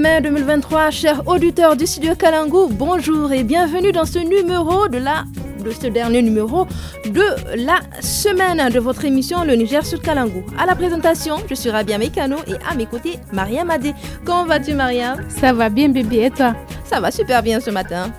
mai 2023, chers auditeurs du studio Kalangou, bonjour et bienvenue dans ce numéro de la de ce dernier numéro de la semaine de votre émission Le Niger sur Kalangou. À la présentation, je suis Rabia Mekano et à mes côtés, Maria Madé. Comment vas-tu, Maria Ça va bien, bébé, et toi Ça va super bien ce matin.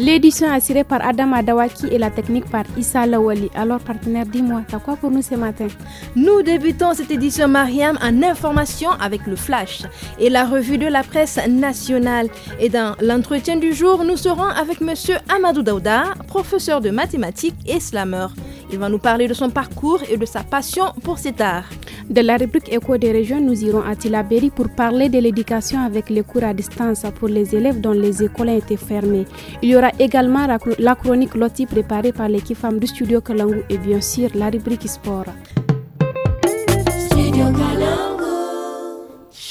L'édition assurée par Adam Adawaki et la technique par Issa Lawali. Alors partenaire, dis-moi, t'as quoi pour nous ce matin Nous débutons cette édition Mariam en information avec le Flash et la revue de la presse nationale. Et dans l'entretien du jour, nous serons avec M. Amadou Daouda, professeur de mathématiques et slameur. Il va nous parler de son parcours et de sa passion pour cet art. De la rubrique éco des régions, nous irons à Tilaberi pour parler de l'éducation avec les cours à distance pour les élèves dont les écoles ont été fermées. Il y aura également la chronique Loti préparée par l'équipe femme du studio Kalangu et bien sûr la rubrique Sport. Studio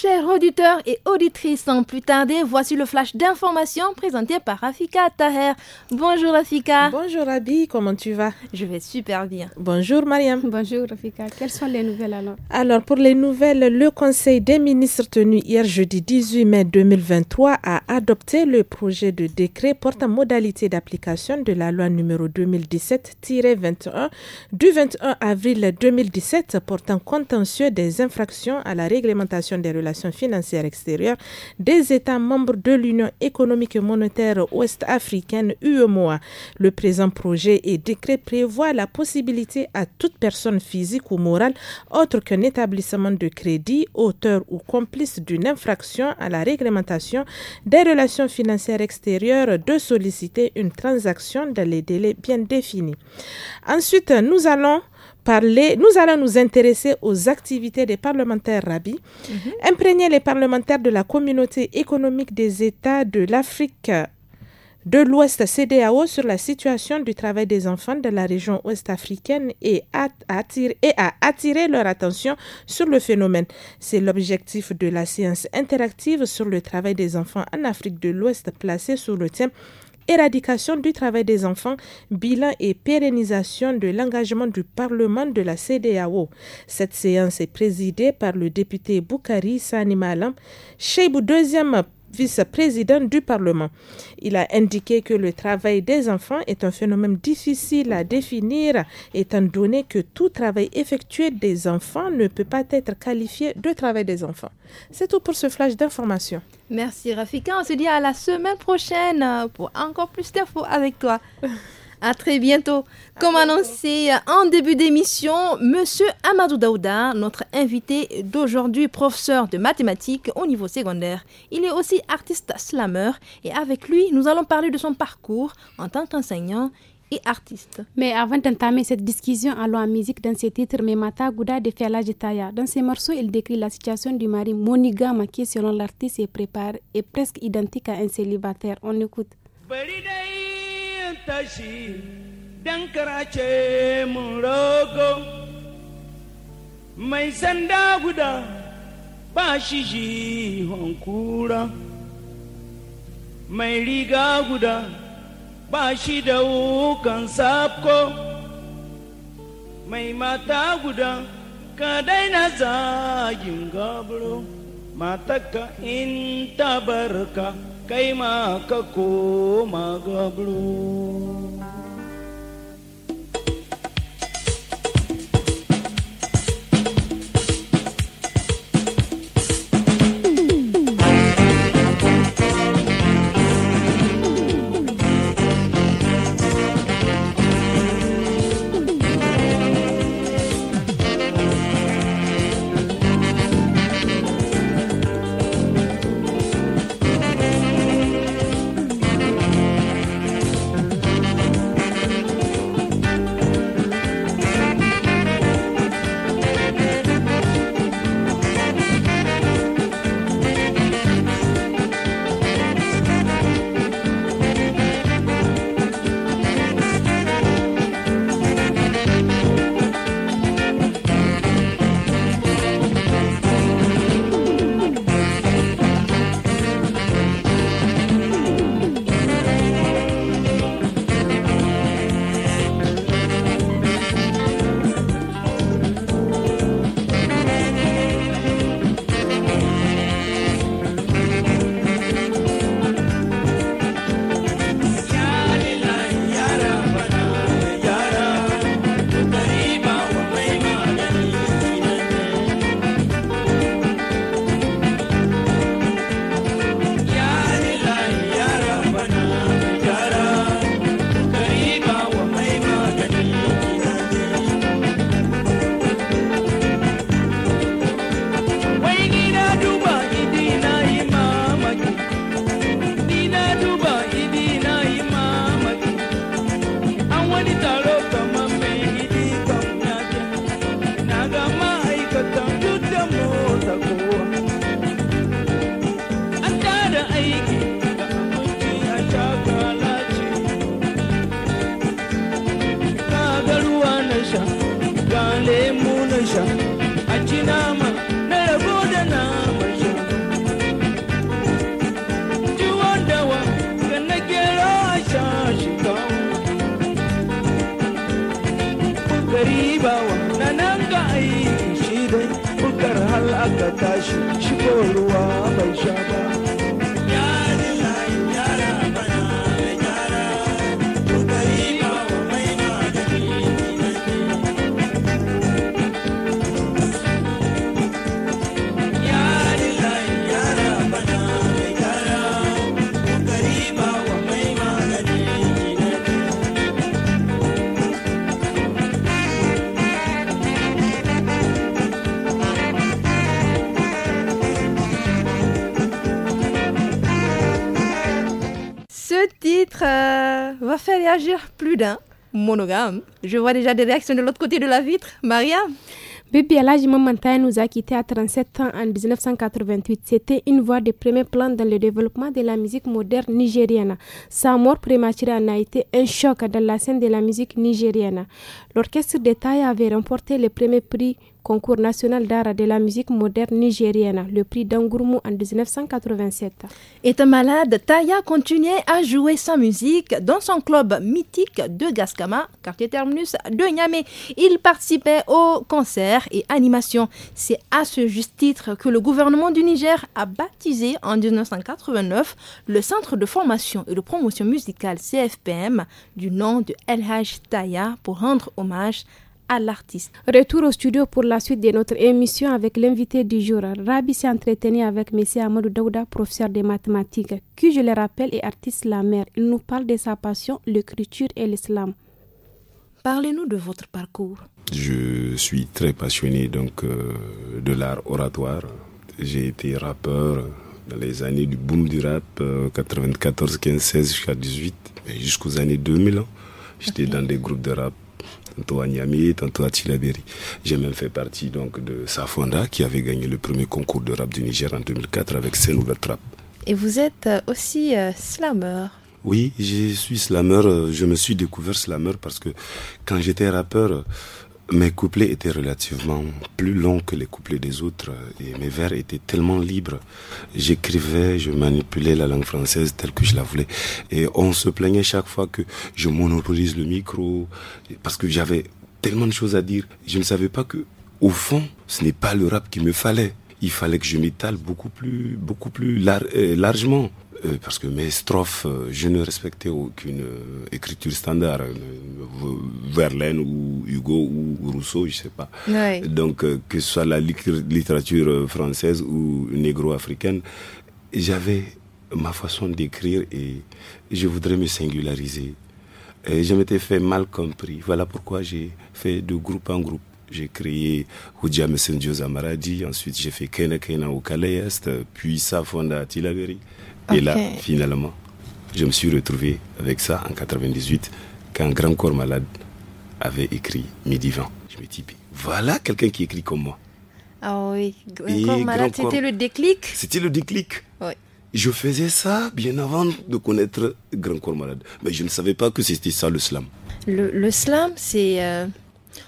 chers auditeurs et auditrices, sans plus tarder, voici le flash d'information présenté par Rafika Taher. Bonjour Rafika. Bonjour Rabi, comment tu vas Je vais super bien. Bonjour Mariam. Bonjour Rafika. Quelles sont les nouvelles alors Alors pour les nouvelles, le Conseil des ministres tenu hier jeudi 18 mai 2023 a adopté le projet de décret portant modalité d'application de la loi numéro 2017-21 du 21 avril 2017 portant contentieux des infractions à la réglementation des relations financière extérieure des États membres de l'Union économique et monétaire ouest-africaine UEMOA. Le présent projet et décret prévoit la possibilité à toute personne physique ou morale autre qu'un établissement de crédit, auteur ou complice d'une infraction à la réglementation des relations financières extérieures de solliciter une transaction dans les délais bien définis. Ensuite, nous allons nous allons nous intéresser aux activités des parlementaires Rabi, mhm. imprégner les parlementaires de la communauté économique des États de l'Afrique de l'Ouest CDAO sur la situation du travail des enfants de la région ouest africaine et attirer, et à attirer leur attention sur le phénomène. C'est l'objectif de la séance interactive sur le travail des enfants en Afrique de l'Ouest placée sur le thème éradication du travail des enfants, bilan et pérennisation de l'engagement du Parlement de la CDAO. Cette séance est présidée par le député Boukari Sanimalam. Cheibou, deuxième vice-président du Parlement. Il a indiqué que le travail des enfants est un phénomène difficile à définir, étant donné que tout travail effectué des enfants ne peut pas être qualifié de travail des enfants. C'est tout pour ce flash d'information. Merci Rafika, on se dit à la semaine prochaine pour encore plus d'infos avec toi. À très bientôt. Comme annoncé en début d'émission, Monsieur Amadou Daouda, notre invité d'aujourd'hui, professeur de mathématiques au niveau secondaire. Il est aussi artiste slammer et avec lui, nous allons parler de son parcours en tant qu'enseignant et artiste. Mais avant d'entamer cette discussion, allons à musique dans ses titres Memata Gouda de Jitaya. Dans ses morceaux, il décrit la situation du mari monigame qui, selon l'artiste, est, prépare, est presque identique à un célibataire. On écoute. tashi dan karace mun rogo mai sanda guda ba shi jihon kura mai riga guda ba shi da wukan sabko mai mata guda ka daina zagin gabro mataka in tabarka કઈમાં કકુમાં ગબડું plus d'un monogame. Je vois déjà des réactions de l'autre côté de la vitre. Maria Bibi Alaji Mamantaya nous a quittés à 37 ans en 1988. C'était une voix de premier plan dans le développement de la musique moderne nigérienne. Sa mort prématurée en a été un choc dans la scène de la musique nigérienne. L'orchestre de avait remporté le premier prix concours national d'art de la musique moderne nigérienne, le prix d'Angourmou en 1987. Étant malade, Taya continuait à jouer sa musique dans son club mythique de Gaskama, quartier terminus de Niamey. Il participait aux concerts et animations. C'est à ce juste titre que le gouvernement du Niger a baptisé en 1989 le Centre de formation et de promotion musicale CFPM du nom de LH Taya pour rendre hommage à à l'artiste. Retour au studio pour la suite de notre émission avec l'invité du jour. Rabi s'est entretenu avec M. Amadou Daouda, professeur de mathématiques, qui, je le rappelle, est artiste la mère. Il nous parle de sa passion, l'écriture et l'islam. Parlez-nous de votre parcours. Je suis très passionné donc euh, de l'art oratoire. J'ai été rappeur dans les années du boom du rap 94, 15, 16 jusqu'à 18 jusqu'aux années 2000. Hein. J'étais dans des groupes de rap tantôt à Niamey, tantôt à Tilaberi. J'ai même fait partie donc de Safonda qui avait gagné le premier concours de rap du Niger en 2004 avec Senou nouvelles Trap. Et vous êtes euh, aussi euh, slammer. Oui, je suis slammer. Euh, je me suis découvert slammer parce que quand j'étais rappeur, mes couplets étaient relativement plus longs que les couplets des autres euh, et mes vers étaient tellement libres. J'écrivais, je manipulais la langue française telle que je la voulais. Et on se plaignait chaque fois que je monopolise le micro parce que j'avais tellement de choses à dire. Je ne savais pas que, au fond, ce n'est pas le rap qu'il me fallait. Il fallait que je m'étale beaucoup plus, beaucoup plus euh, largement. Euh, parce que mes strophes, euh, je ne respectais aucune euh, écriture standard, Verlaine ou Hugo ou Rousseau, je sais pas. Donc que ce soit la littérature française ou négro-africaine, j'avais ma façon d'écrire et je voudrais me singulariser. Et je m'étais fait mal compris. Voilà pourquoi j'ai fait de groupe en groupe. J'ai créé Hudja Messendio Zamaradi, ensuite j'ai fait Kena au Calais Est, puis Safonda à et là, finalement, je me suis retrouvé avec ça en 98, quand grand corps malade avait écrit Midi Vent. Je me dis, voilà quelqu'un qui écrit comme moi. Ah oui, Grand corps malade, c'était le déclic C'était le déclic. Oui. Je faisais ça bien avant de connaître Grand Corps Malade. Mais je ne savais pas que c'était ça le slam. Le, slam, c'est euh,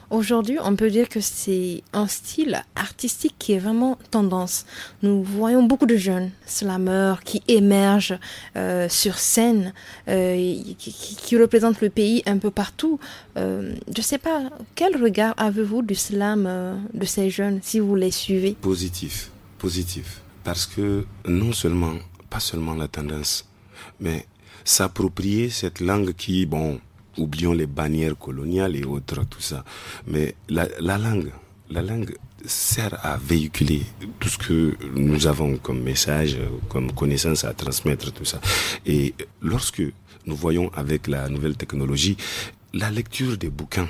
Aujourd'hui, on peut dire que c'est un style artistique qui est vraiment tendance. Nous voyons beaucoup de jeunes slameurs qui émergent euh, sur scène, euh, qui, représentent le pays un peu partout. Euh, je ne sais pas, quel regard avez-vous du slam de ces jeunes si vous les suivez Positif, positif. Parce que non seulement, pas seulement la tendance, mais s'approprier cette langue qui, bon, oublions les bannières coloniales et autres, tout ça. Mais la, langue, la langue sert à véhiculer tout ce que nous avons comme message, comme connaissance à transmettre, tout ça. Et lorsque nous voyons avec la nouvelle technologie, la lecture des bouquins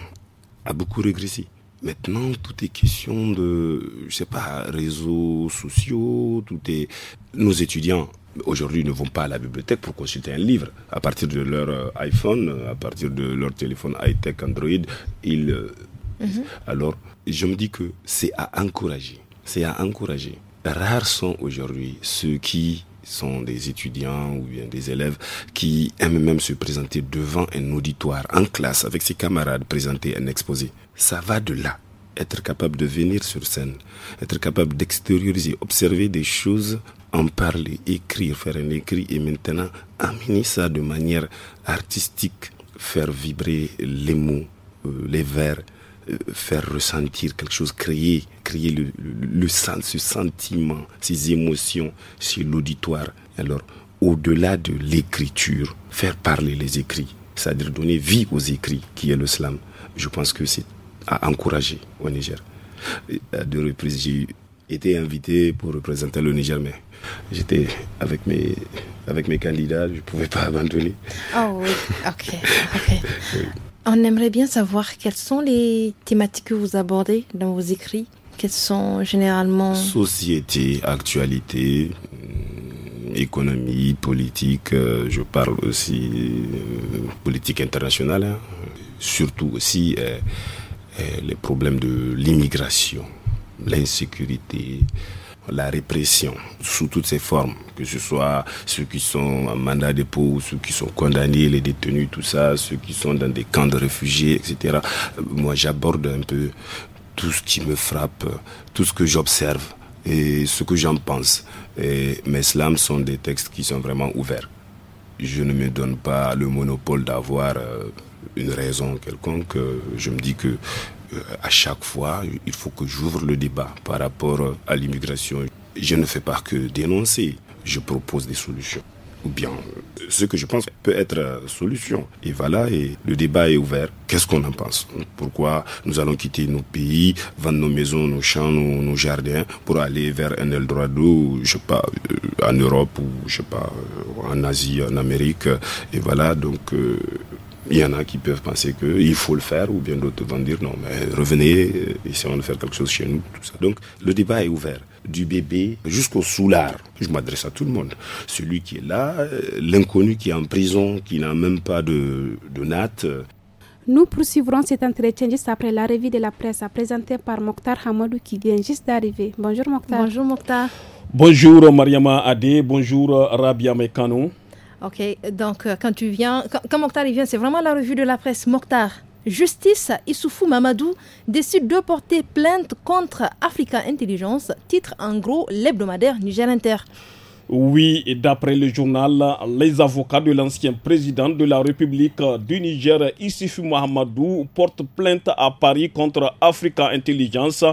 a beaucoup régressé. Maintenant, tout est question de, je sais pas, réseaux sociaux, tout est... Nos étudiants aujourd'hui ne vont pas à la bibliothèque pour consulter un livre. À partir de leur euh, iPhone, euh, à partir de leur téléphone high-tech Android, ils... Euh, mhm. Alors, je me dis que c'est à encourager. C'est à encourager. Rares sont aujourd'hui ceux qui sont des étudiants ou bien des élèves qui aiment même se présenter devant un auditoire, en classe, avec ses camarades, présenter un exposé. Ça va de là être capable de venir sur scène, être capable d'extérioriser, observer des choses en parler, écrire, faire un écrit et maintenant amener ça de manière artistique, faire vibrer les mots, euh, les vers, euh, faire ressentir quelque chose, créer, créer le, le, sens, ce sentiment, ces émotions sur l'auditoire. Alors, au-delà de l'écriture, faire parler les écrits, c'est-à-dire donner vie aux écrits, qui est le slam, je pense que c'est à encourager au Niger. À deux reprises, j'ai été invité pour représenter le Niger, mais j'étais avec mes, avec mes candidats, je ne pouvais pas abandonner. Oh oui, ok. On aimerait bien savoir quelles sont les thématiques que vous abordez dans vos écrits. Quelles sont généralement Société, actualité, hum, économie, politique. Euh, je parle aussi euh, politique internationale, hein. surtout aussi euh, les problèmes de l'immigration, l'insécurité, la répression sous toutes ses formes, que ce soit ceux qui sont en mandat dépôt, ceux qui sont condamnés, les détenus, tout ça, ceux qui sont dans des camps de réfugiés, etc. Moi, j'aborde un peu tout ce qui me frappe, tout ce que j'observe et ce que j'en pense. Et mes slams sont des textes qui sont vraiment ouverts. Je ne me donne pas le monopole d'avoir euh, une raison quelconque. Euh, je me dis que euh, à chaque fois, il faut que j'ouvre le débat par rapport à l'immigration. Je ne fais pas que dénoncer, je propose des solutions. Ou bien euh, ce que je pense peut être euh, solution. Et voilà, et le débat est ouvert. Qu'est-ce qu'on en pense Pourquoi nous allons quitter nos pays, vendre nos maisons, nos champs, nos, jardins pour aller vers un Eldorado, je sais pas, en Europe ou je sais pas, en Asie, en Amérique. Et voilà, donc il y en a qui peuvent penser qu'il faut le faire, ou bien d'autres vont dire non, mais revenez, euh, essayons de faire quelque chose chez nous, tout ça. Donc le débat est ouvert, du bébé jusqu'au soulard. Je m'adresse à tout le monde. Celui qui est là, euh, l'inconnu qui est en prison, qui n'a même pas de, de natte, nous poursuivrons cet entretien juste après la de la presse présentée par Mokhtar Hamadou qui vient juste d'arriver. Bonjour Mokhtar. Bonjour Mokhtar. Bonjour Mariama Adé, bonjour Rabia Mekano. Ok, donc euh, quand tu viens, quand, Mokhtar il vient, c'est vraiment la revue de la presse Mokhtar. Justice, Issoufou Mamadou décide de porter plainte contre Africa Intelligence, titre en gros l'hebdomadaire Niger Inter. Oui, et d'après le journal, les avocats de l'ancien président de la République du Niger, Issoufou Mamadou portent plainte à Paris contre Africa Intelligence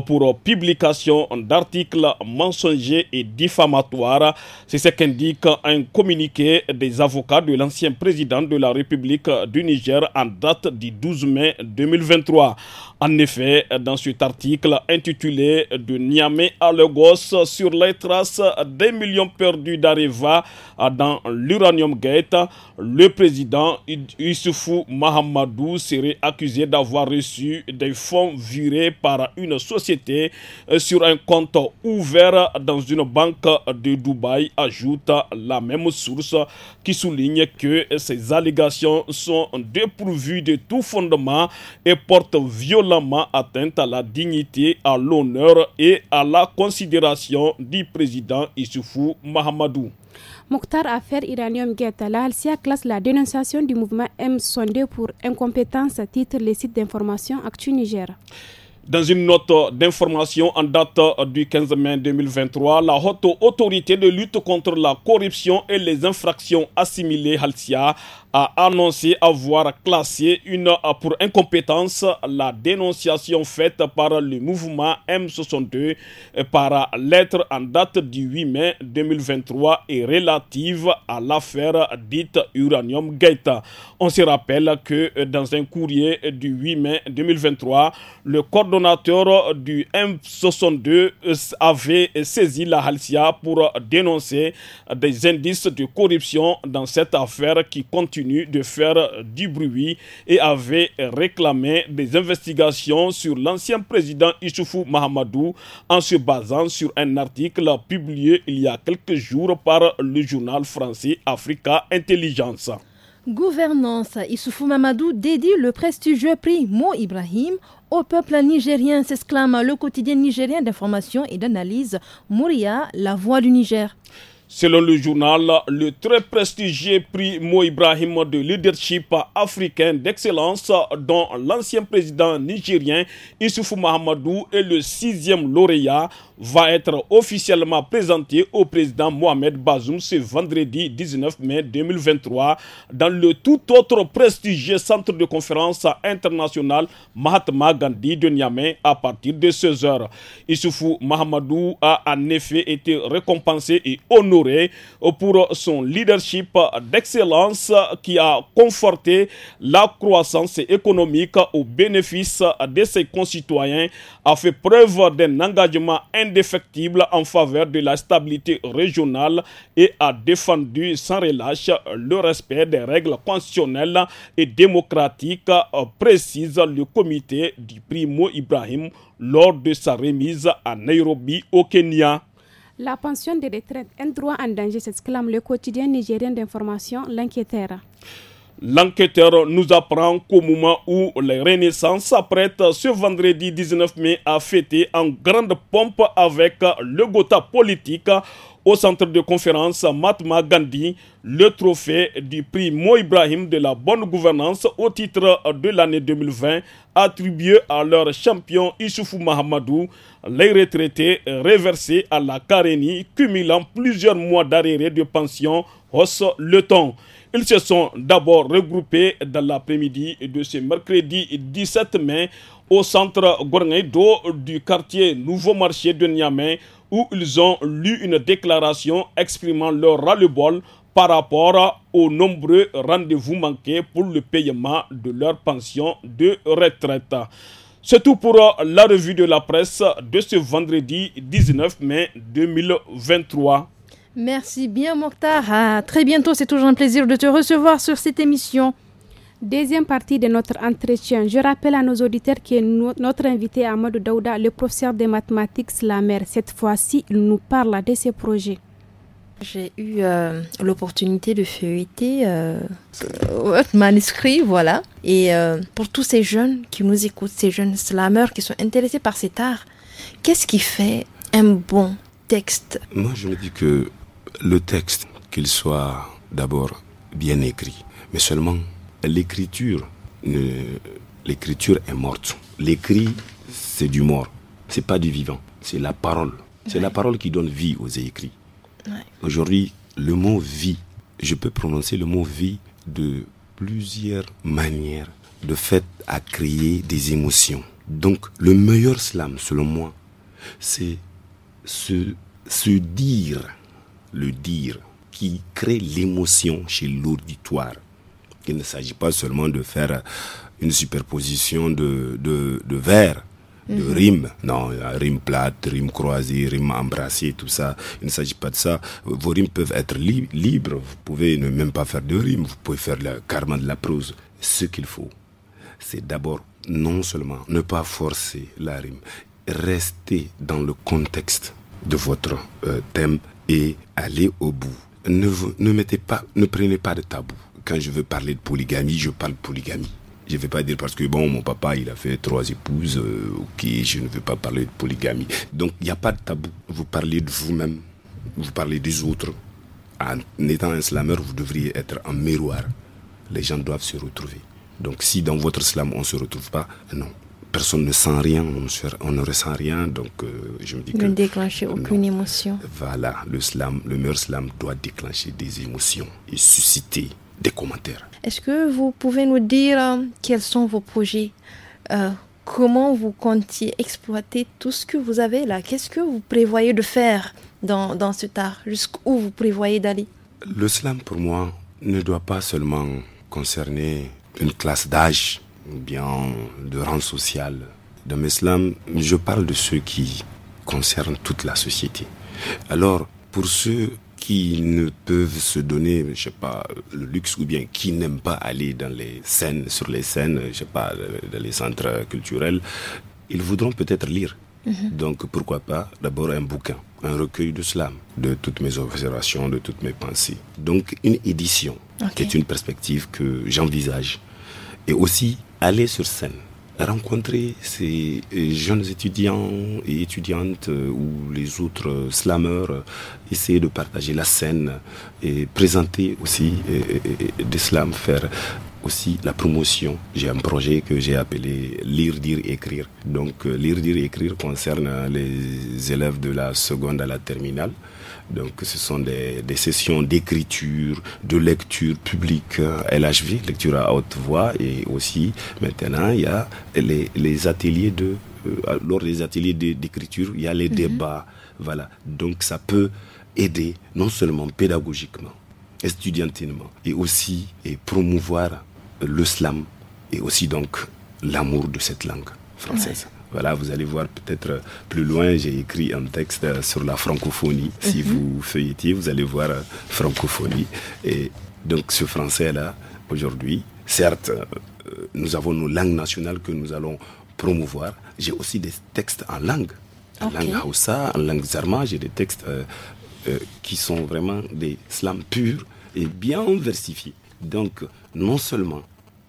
pour publication d'articles mensongers et diffamatoires. C'est ce qu'indique un communiqué des avocats de l'ancien président de la République du Niger en date du 12 mai 2023. En effet, dans cet article intitulé De Niamey à Lagos sur les traces des millions perdus d'Areva dans l'Uranium Gate, le président Issoufou Mahamadou serait accusé d'avoir reçu des fonds virés par une société société euh, sur un compte ouvert dans une banque de Dubaï, ajoute la même source qui souligne que ces allégations sont dépourvues de tout fondement et portent violemment atteinte à la dignité, à l'honneur et à la considération du président Issoufou Mahamadou. Mokhtar Affaire Iranium Guetta, la classe la dénonciation du mouvement M sondé pour incompétence à titre les sites d'information Actu Niger. Dans une note d'information en date euh, du 15 mai 2023, la haute autorité de lutte contre la corruption et les infractions assimilées Halcia a annoncé avoir classé une euh, pour incompétence la dénonciation faite par le mouvement M62 euh, par lettre en date du 8 mai 2023 et relative à l'affaire dite Uranium Gate. On se rappelle que euh, dans un courrier du 8 mai 2023, le coordonnateur du M62 avait saisi la Halcia pour dénoncer des indices de corruption dans cette affaire qui continue de faire du bruit et avait réclamé des investigations sur l'ancien président Issoufou Mahamadou en se basant sur un article publié il y a quelques jours par le journal français Africa Intelligence. Gouvernance, Issoufou Mamadou dédie le prestigieux prix Mo Ibrahim au peuple nigérien, s'exclame le quotidien nigérien d'information et d'analyse Mouria, la voix du Niger. Selon le journal, le très prestigieux prix Mo Ibrahim de leadership africain d'excellence, dont l'ancien président nigérien Issoufou Mahamadou est le sixième lauréat, va être officiellement présenté au président Mohamed Bazoum ce vendredi 19 mai 2023 dans le tout autre prestigieux centre de conférence international Mahatma Gandhi de Niamey à partir de 16h. Issoufou Mahamadou a en effet été récompensé et honoré pour son leadership d'excellence qui a conforté la croissance économique au bénéfice de ses concitoyens a fait preuve d'un engagement indéfectible en faveur de la stabilité régionale et a défendu sans relâche le respect des règles pensionnelles et démocratiques, précise le comité du primo Ibrahim lors de sa remise à Nairobi au Kenya. La pension de retraite, un droit en danger, s'exclame le quotidien nigérien d'information, l'inquiétaire. L'enquêteur nous apprend qu'au moment où les Renaissances s'apprêtent ce vendredi 19 mai à fêter en grande pompe avec le Gotha politique au centre de conférence Matma Gandhi le trophée du prix Mo Ibrahim de la bonne gouvernance au titre de l'année 2020 attribué à leur champion Issoufou Mahamadou, les retraités réversés à la Carénie cumulant plusieurs mois d'arrêt de pension hausse le temps. Ils se sont d'abord regroupés dans l'après-midi de ce mercredi 17 mai au centre Gornaido du quartier Nouveau Marché de Niamey où ils ont lu une déclaration exprimant leur ras-le-bol par rapport aux nombreux rendez-vous manqués pour le paiement de leur pension de retraite. C'est tout pour la revue de la presse de ce vendredi 19 mai 2023. Merci bien, Mokhtar. À très bientôt. C'est toujours un plaisir de te recevoir sur cette émission. Deuxième partie de notre entretien. Je rappelle à nos auditeurs que notre invité Amadou Daouda, le professeur des mathématiques la Cette fois-ci, il nous parle de ses projets. J'ai eu euh, l'opportunité de feuilleter euh, votre manuscrit, voilà. Et euh, pour tous ces jeunes qui nous écoutent, ces jeunes slameurs qui sont intéressés par cet art, qu'est-ce qui fait un bon texte Moi, je me dis que le texte, qu'il soit d'abord bien écrit, mais seulement l'écriture, l'écriture est morte. L'écrit, c'est du mort, c'est pas du vivant, c'est la parole. C'est la parole qui donne vie aux écrits. Aujourd'hui, le mot vie, je peux prononcer le mot vie de plusieurs manières, de fait à créer des émotions. Donc, le meilleur slam, selon moi, c'est se dire le dire, qui crée l'émotion chez l'auditoire. Il ne s'agit pas seulement de faire une superposition de, de, de vers, de mhm. rimes. Non, rime plate, rime croisée, rime embrassée, tout ça. Il ne s'agit pas de ça. Vos rimes peuvent être libres. Vous pouvez ne même pas faire de rimes. Vous pouvez faire le karma de la prose. Ce qu'il faut, c'est d'abord non seulement ne pas forcer la rime, rester dans le contexte de votre euh, thème et aller au bout. Ne, ne, mettez pas, ne prenez pas de tabou. Quand je veux parler de polygamie, je parle polygamie. Je ne vais pas dire parce que bon, mon papa, il a fait trois épouses, euh, ok, je ne veux pas parler de polygamie. Donc, il n'y a pas de tabou. Vous parlez de vous-même, vous parlez des autres. En étant un slammer, vous devriez être un miroir. Les gens doivent se retrouver. Donc, si dans votre slam, on ne se retrouve pas, non, personne ne sent rien, on ne, ressent rien, donc euh, je me dis que... Ne déclencher aucune émotion. Voilà, le slam, le meilleur slam doit déclencher des émotions et susciter des commentaires. Est-ce que vous pouvez nous dire euh, quels sont vos projets euh, Comment vous comptiez exploiter tout ce que vous avez là Qu'est-ce que vous prévoyez de faire dans, dans ce art Jusqu'où vous prévoyez d'aller Le slam, pour moi, ne doit pas seulement concerner une classe d'âge ou bien de rang social. Dans slams, je parle de ceux qui concernent toute la société. Alors, pour ceux qui ne peuvent se donner, je sais pas, le luxe ou bien qui n'aiment pas aller dans les scènes, sur les scènes, je sais pas, dans les centres culturels, ils voudront peut-être lire. Mhm. Donc pourquoi pas d'abord un bouquin, un recueil de slam, de toutes mes observations, de toutes mes pensées. Donc une édition, qui est une perspective que j'envisage. Et aussi aller sur scène, rencontrer ces euh, jeunes étudiants et étudiantes euh, ou les autres euh, slameurs, essayer de partager la scène et présenter aussi des slams, faire aussi la promotion. J'ai un projet que j'ai appelé Lire, dire, écrire. Donc lire, dire, écrire concerne les élèves de la seconde à la terminale. Donc ce sont des, sessions d'écriture, de lecture publique euh, LHV, lecture à haute voix, et aussi maintenant il y a les, ateliers de euh, lors des ateliers d'écriture, il y a les mhm. débats, voilà. Donc ça peut aider non seulement pédagogiquement, estudiantinement, et aussi et promouvoir le slam et aussi donc l'amour de cette langue française. Voilà, vous allez voir peut-être euh, plus loin, j'ai écrit un texte euh, sur la francophonie. Si mhm. vous feuilletiez, vous allez voir euh, francophonie. Et donc ce français-là, aujourd'hui, certes, nous avons nos langues nationales que nous allons promouvoir. J'ai aussi des textes en langue, en langue Hausa, en langue Zarma. J'ai des textes qui sont vraiment des slams purs et bien versifiés. Donc, non seulement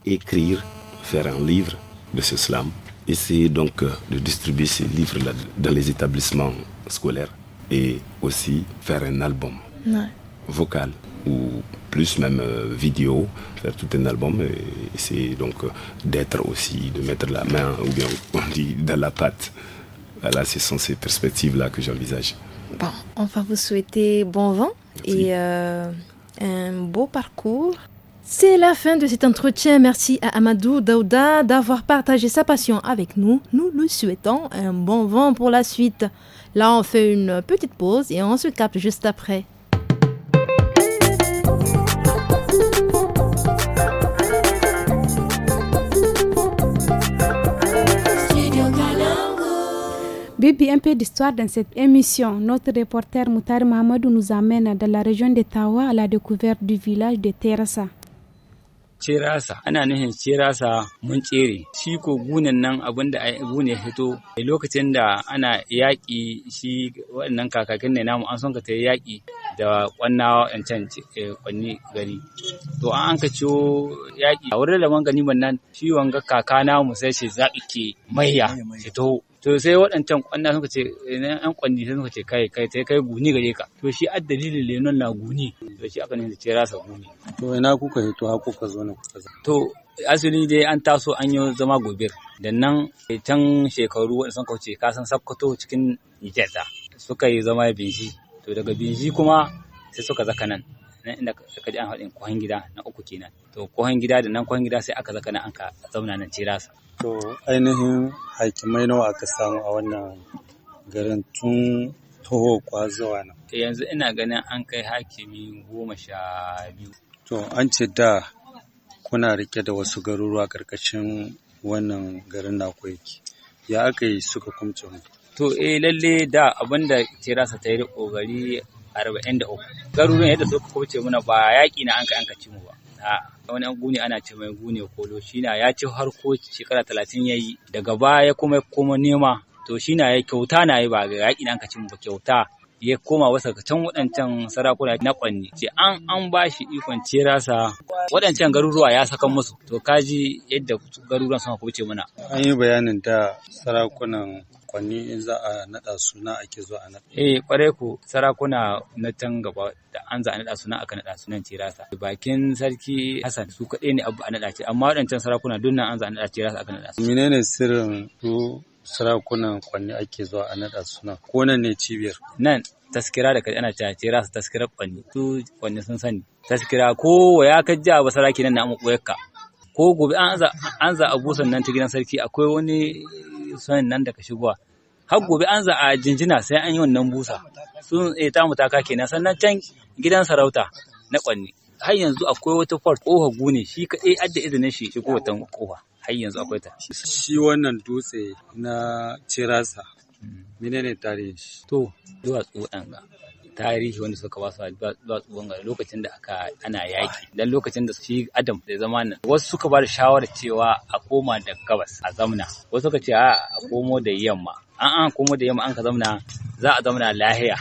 écrire, faire un livre de ce slam, essayer donc euh, de distribuer ces livres -là dans les établissements scolaires et aussi faire un album vocal ou plus même euh, vidéo, faire tout un album et essayer donc euh, d'être aussi, de mettre la main ou bien on dit dans la patte. Voilà, ce sont ces perspectives-là que j'envisage. Bon, enfin vous souhaiter bon vent et un beau parcours. C'est la fin de cet entretien. Merci à Amadou Daouda d'avoir partagé sa passion avec nous. Nous lui souhaitons un bon vent pour la suite. Là, on fait une petite pause et on se capte juste après. Bibi, un peu d'histoire dans cette émission. Notre reporter Moutar Mahamadou nous amène dans la région de Tawa à la découverte du village de Terasa. cerasa ana nufin cerasa mun tsere shi ko gunan nan abin da gune ya fito lokacin da ana yaƙi shi waɗannan kakakin ne namu an son ka ta yaƙi da ƙwanna can eh, ƙwanni gari to an an ka ciwo yaƙi a wurin da man ganiman nan shi wanga kaka namu sai shi zaɓi ke maiya fito. to sai waɗancan ƙwanna suka ce yan ƙwanni sai suka ce kai kai sai kai guni gare ka to shi a dalilin lenon na guni to shi aka nuna ce rasa guni to ina kuka yi to har ka zo na kuka to asali dai an taso an yi zama gobir da nan can shekaru waɗanda sun kauce kasan sakkwato cikin nijar suka yi zama binji to daga binji kuma sai suka zaka nan nan inda suka ji an haɗin kohan gida na uku kenan to kohan gida da nan kohan gida sai aka zaka nan an ka zauna nan cirasa To ainihin hakimai nawa aka samu a wannan garin tun kwa zuwa nan. Yanzu ina ganin an kai hakimi goma sha biyu. To an ce da kuna rike da wasu garuruwa ƙarƙashin wannan garin na Ya aka yi suka kumce mu? To eh lalle da abinda Tirasa ta yi da ƙoƙari arba'in da uku. Garuruwan yadda suka kumce muna ba yaƙi na an kai an mu ba. a wani an gune ana ce mai gune kolo shi na ya ci harko shekara talatin ya yi daga baya kuma koma nema to shi na ya kyauta na yi ba ga yaƙi an ka ci ba kyauta ya koma wasu can waɗancan sarakuna na ƙwanni ce an an ba shi ikon cerasa waɗancan garuruwa ya saka musu to kaji yadda garuruwan sun kuce mana an yi bayanin da sarakunan sakonni in za a naɗa suna ake zuwa a nada. Eh kware ku sarakuna na can gaba da an za a naɗa suna aka naɗa sunan cirasa. Bakin sarki Hassan su kaɗai ne abu a naɗa ce amma waɗancan sarakuna duk nan an za a naɗa cirasa aka naɗa Menene sirrin su sarakunan kwanni ake zuwa a nada suna ko nan ne cibiyar? Nan taskira da kai ana cewa cirasa taskira kwanni su kwanni sun sani. Taskira ko ya ji abu saraki nan na amma ko gobe an za a busan nan ta gidan sarki akwai wani sanin nan daga shigowa har gobe an za a jinjina sai an yi wannan busa sun eh ta mutaka kenan sannan can gidan sarauta na kwanni har yanzu akwai wata fort kofa gune shi kaɗai adda izinin shi shigo wata kofa har yanzu akwai ta shi wannan dutse na cirasa hmm. menene tarihin shi to duwatsu ɗan ga tarihi wanda suka ba su duwatsu bangare lokacin da aka ana yaki dan lokacin da shi adam da zama nan wasu suka ba da shawarar cewa a koma da gabas a zamna wasu suka ce a komo da yamma an an komo da yamma an ka zamna za a zamna lahiya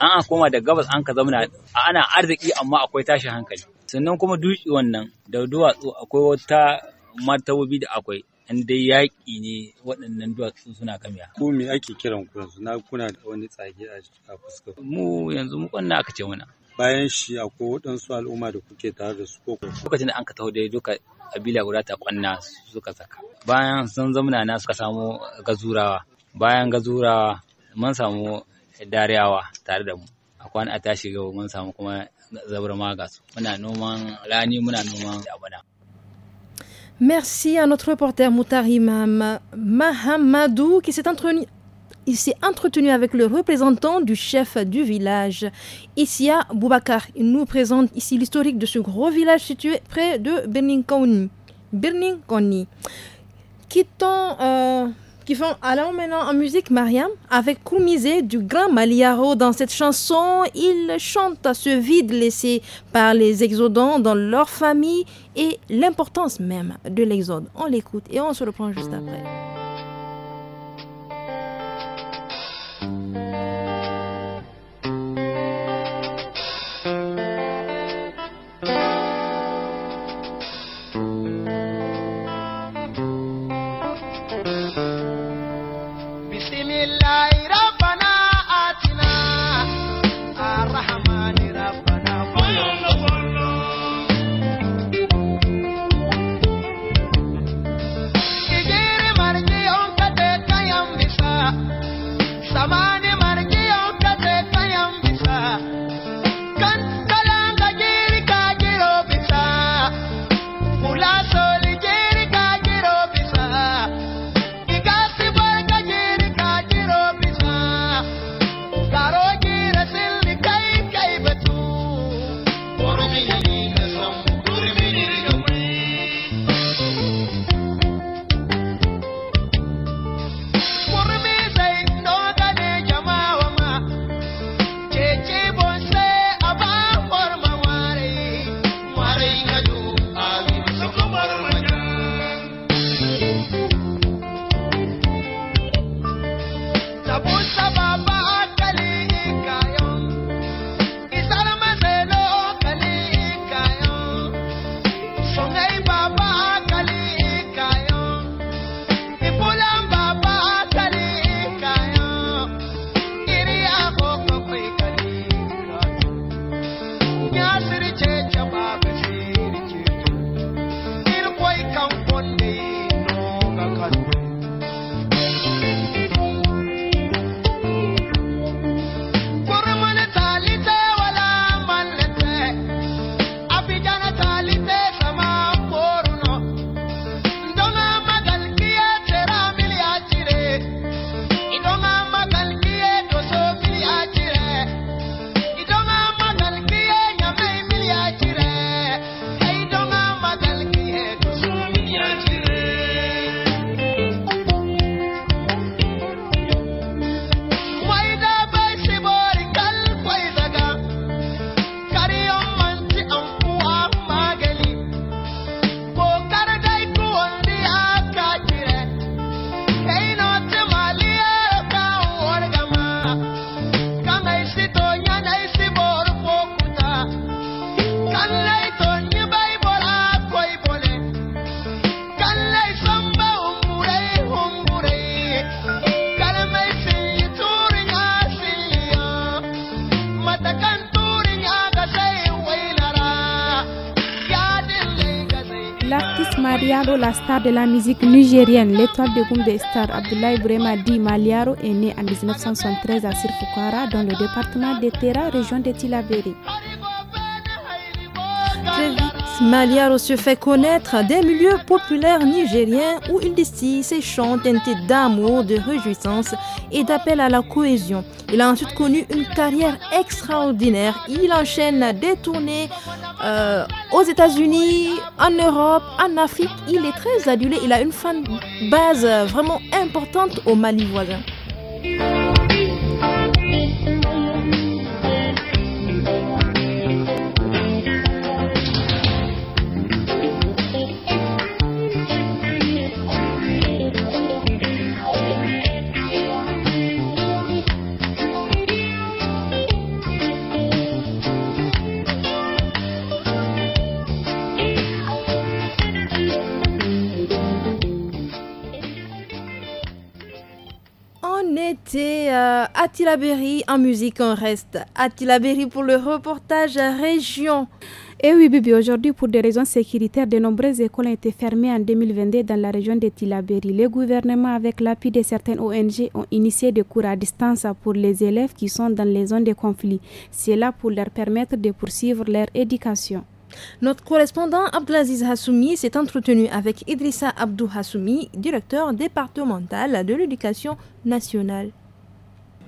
an an koma da gabas an ka zamna ana arziki amma akwai tashin hankali sannan kuma dutse wannan da duwatsu akwai wata martabobi da akwai an dai yaƙi ne waɗannan duwatsu suna kamiya. Ko me ake kiran ku yanzu na kuna da wani tsage a fuska. Mu yanzu mu kwanna aka ce muna. Bayan shi akwai waɗansu al'umma da kuke tare da su ko Lokacin da an ka taho dai duka abila guda ta kwanna suka saka. Bayan sun zamana na suka samu gazurawa. Bayan gazurawa mun samu dariyawa tare da mu. A kwana a tashi gaba mun samu kuma zabar magas. Muna noman rani muna noman abana. Merci à notre reporter Moutar Imam Mahamadou qui s'est entretenu, avec le représentant du chef du village, Isia Boubakar. Il nous présente ici l'historique de ce gros village situé près de Birning kony Quittons euh, qui font Allons maintenant en musique, Mariam, avec Koumizé du grand Maliaro. Dans cette chanson, ils chantent à ce vide laissé par les exodants dans leur famille et l'importance même de l'exode. On l'écoute et on se reprend juste après. la star de la musique nigérienne, l'étoile de goum des stars Abdoulaye Brema Di Maliaro est né en 1973 à Sirfoukara, dans le département de Terra, région de Tilaberi. Maliaro se fait connaître des milieux populaires nigériens où il distille ses chants teintés d'amour, de réjouissance et d'appel à la cohésion. Il a ensuite connu une carrière extraordinaire. Il enchaîne des tournées euh, aux États-Unis, en Europe, en Afrique. Il est très adulé. Il a une fanbase base vraiment importante au Mali voisin. C'est euh, en musique en reste. Attila Berry pour le reportage région. Et eh oui, Bibi, aujourd'hui, pour des raisons sécuritaires, de nombreuses écoles ont été fermées en 2022 dans la région de Tilaberi. Le gouvernement, avec l'appui de certaines ONG, ont initié des cours à distance pour les élèves qui sont dans les zones de conflit. là pour leur permettre de poursuivre leur éducation. Notre correspondant Abdelaziz Hassoumi s'est entretenu avec Idrissa Abdou Hassoumi, directeur départemental de l'éducation nationale.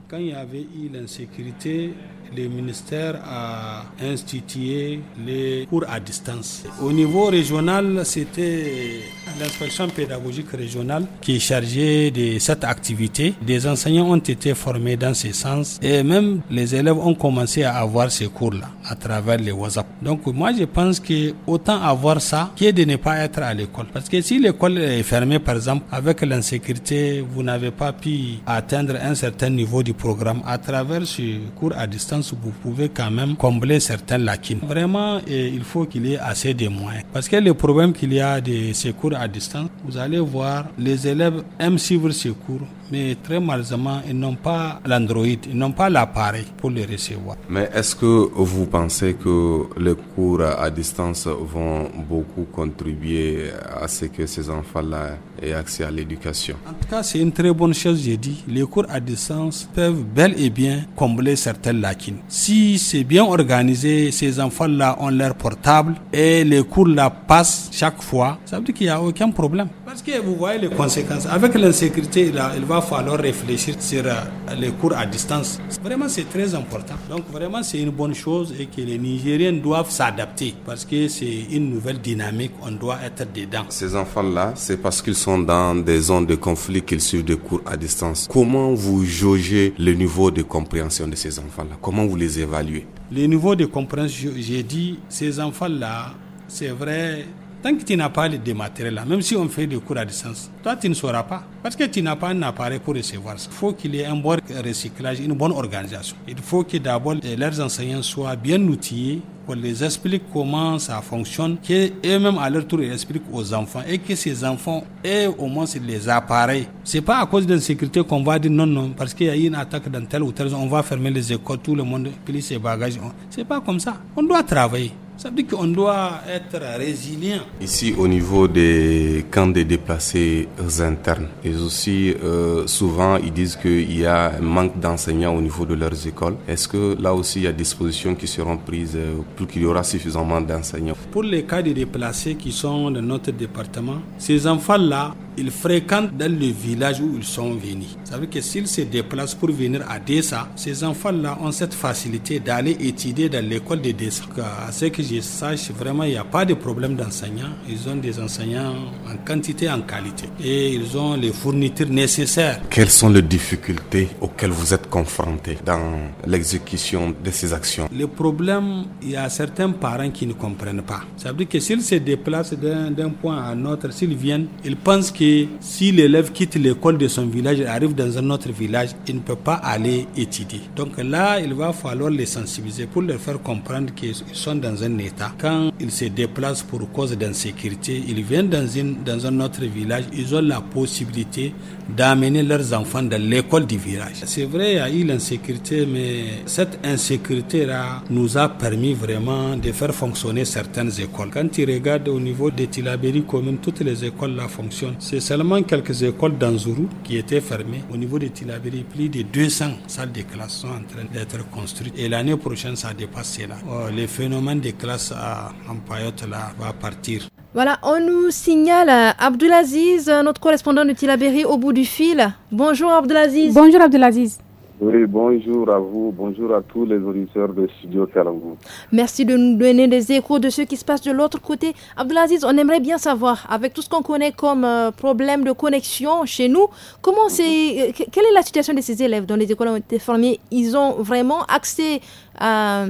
Quand il y avait eu l'insécurité, le ministère a institué les cours à distance. Au niveau régional, c'était l'inspection pédagogique régionale qui est chargée de cette activité. Des enseignants ont été formés dans ce sens et même les élèves ont commencé à avoir ces cours-là à travers les WhatsApp. Donc moi je pense que autant avoir ça que de ne pas être à l'école. Parce que si l'école est fermée par exemple avec l'insécurité, vous n'avez pas pu atteindre un certain niveau du programme à travers ce cours à distance, vous pouvez quand même combler certaines lacunes. Vraiment, et eh, il faut qu'il y ait assez de moyens. Parce que le problème qu'il y a de ces cours à distance, vous allez voir, les élèves aiment suivre ces cours, mais très malheureusement, ils n'ont pas l'Android, ils n'ont pas l'appareil pour les recevoir. Mais est-ce que vous pensez que les cours à distance vont beaucoup contribuer à ce que ces enfants-là aient accès à l'éducation En tout cas, c'est une très bonne chose, j'ai dit. Les cours à distance peuvent bel et bien combler certaines lacunes. Si c'est bien organisé, ces enfants-là ont leur portable et les cours-là passent chaque fois, ça veut dire qu'il n'y a aucun problème. Parce que vous voyez les conséquences. Avec l'insécurité, il, va falloir réfléchir sur euh, les cours à distance. Vraiment, c'est très important. Donc, vraiment, c'est une bonne chose et que les Nigériens doivent s'adapter parce que c'est une nouvelle dynamique. On doit être dedans. Ces enfants-là, c'est parce qu'ils sont dans des zones de conflit qu'ils suivent des cours à distance. Comment vous jaugez le niveau de compréhension de ces enfants-là Comment vous les évaluez Le niveau de compréhension, j'ai dit, ces enfants-là, c'est vrai, Tant que tu n'as pas les matériels, là, même si on fait des cours à distance, toi, tu ne sauras pas. Parce que tu n'as pas un appareil pour recevoir ça. Il faut qu'il y ait un bon recyclage, une bonne organisation. Il faut que d'abord eh, leurs enseignants soient bien outillés qu'on les explique comment ça fonctionne, qu'eux-mêmes à leur tour ils expliquent aux enfants et que ces enfants aient au moins les appareils. C'est pas à cause d'insécurité qu'on va dire non, non, parce qu'il y a eu une attaque dans telle ou telle zone, on va fermer les écoles, tout le monde plie ses bagages. C'est pas comme ça. On doit travailler. Ça veut dire qu'on doit être résilient. Ici, au niveau des camps des déplacés internes, et aussi euh, souvent, ils disent qu'il y a un manque d'enseignants au niveau de leurs écoles. Est-ce que là aussi, il y a des dispositions qui seront prises euh, pour qu'il y aura suffisamment d'enseignants Pour les cas des déplacés qui sont dans notre département, ces enfants-là, ils fréquentent dans le village où ils sont venus. Ça veut dire que s'ils se déplacent pour venir à Dessa, ces enfants-là ont cette facilité d'aller étudier dans l'école de Dessa. À ce que je sache, vraiment, il n'y a pas de problème d'enseignants. Ils ont des enseignants en quantité, en qualité. Et ils ont les fournitures nécessaires. Quelles sont les difficultés auxquelles vous êtes confrontés dans l'exécution de ces actions Le problème, il y a certains parents qui ne comprennent pas. Ça veut dire que s'ils se déplacent d'un point à un autre, s'ils viennent, ils pensent que si l'élève quitte l'école de son village et arrive dans un autre village, il ne peut pas aller étudier. Donc là, il va falloir les sensibiliser pour leur faire comprendre qu'ils sont dans un état. Quand ils se déplacent pour cause d'insécurité, ils viennent dans, une, dans un autre village, ils ont la possibilité d'amener leurs enfants dans l'école du village. C'est vrai, il y a eu l'insécurité, mais cette insécurité-là nous a permis vraiment de faire fonctionner certaines écoles. Quand tu regardes au niveau des Tilabéry communes, toutes les écoles là fonctionnent seulement quelques écoles Zourou qui étaient fermées. Au niveau de Tilaberi, plus de 200 salles de classe sont en train d'être construites. Et l'année prochaine, ça dépasse là. Oh, le phénomène des classes à Ampayotte va partir. Voilà, on nous signale euh, Abdelaziz, euh, notre correspondant de Tilaberi, au bout du fil. Bonjour Abdelaziz. Bonjour Abdelaziz. Oui, bonjour à vous, bonjour à tous les auditeurs de Studio Calangou. Merci de nous donner des échos de ce qui se passe de l'autre côté. Abdelaziz, on aimerait bien savoir, avec tout ce qu'on connaît comme euh, problème de connexion chez nous, comment c'est, euh, quelle est la situation de ces élèves dont les écoles ont été formés Ils ont vraiment accès à,